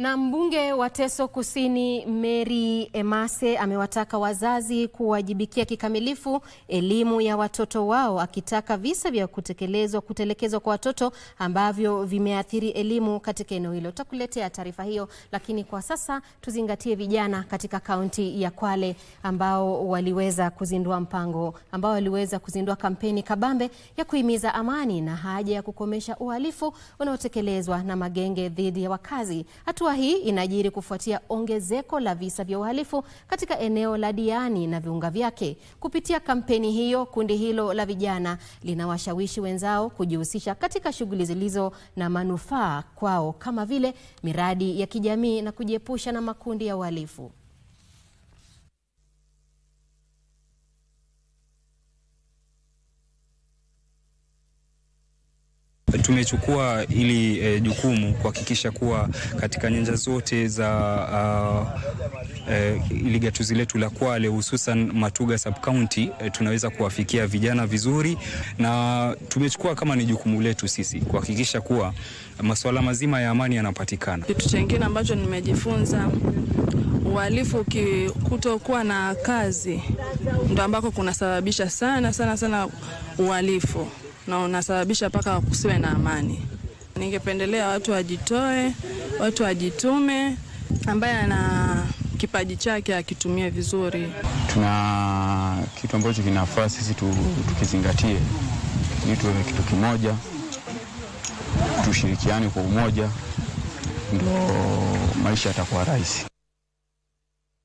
Na mbunge wa Teso Kusini Mary Emase amewataka wazazi kuwajibikia kikamilifu elimu ya watoto wao akitaka visa vya kutekelezwa kutelekezwa kwa watoto ambavyo vimeathiri elimu katika eneo hilo. Tutakuletea taarifa hiyo, lakini kwa sasa tuzingatie vijana katika kaunti ya Kwale ambao waliweza kuzindua mpango ambao waliweza kuzindua kampeni kabambe ya kuhimiza amani na haja ya kukomesha uhalifu unaotekelezwa na magenge dhidi ya wakazi. Hatua Hatua hii inajiri kufuatia ongezeko la visa vya uhalifu katika eneo la Diani na viunga vyake. Kupitia kampeni hiyo, kundi hilo la vijana linawashawishi wenzao kujihusisha katika shughuli zilizo na manufaa kwao kama vile miradi ya kijamii na kujiepusha na makundi ya uhalifu. tumechukua ili e, eh, jukumu kuhakikisha kuwa katika nyanja zote za uh, ah, e, eh, ili gatuzi letu la Kwale hususan Matuga county e, tunaweza kuwafikia vijana vizuri, na tumechukua kama ni jukumu letu sisi kuhakikisha kuwa masuala mazima ya amani yanapatikana. Kitu chengine ambacho nimejifunza uhalifu kutokuwa na kazi ndo ambako kunasababisha sana sana sana uhalifu na unasababisha mpaka kusiwe na amani. Ningependelea watu wajitoe, watu wajitume, ambaye ana kipaji chake akitumia vizuri. Tuna kitu ambacho kinafaa sisi tukizingatie ili tuwe kitu kimoja, tushirikiane kwa umoja, ndo maisha yatakuwa rahisi.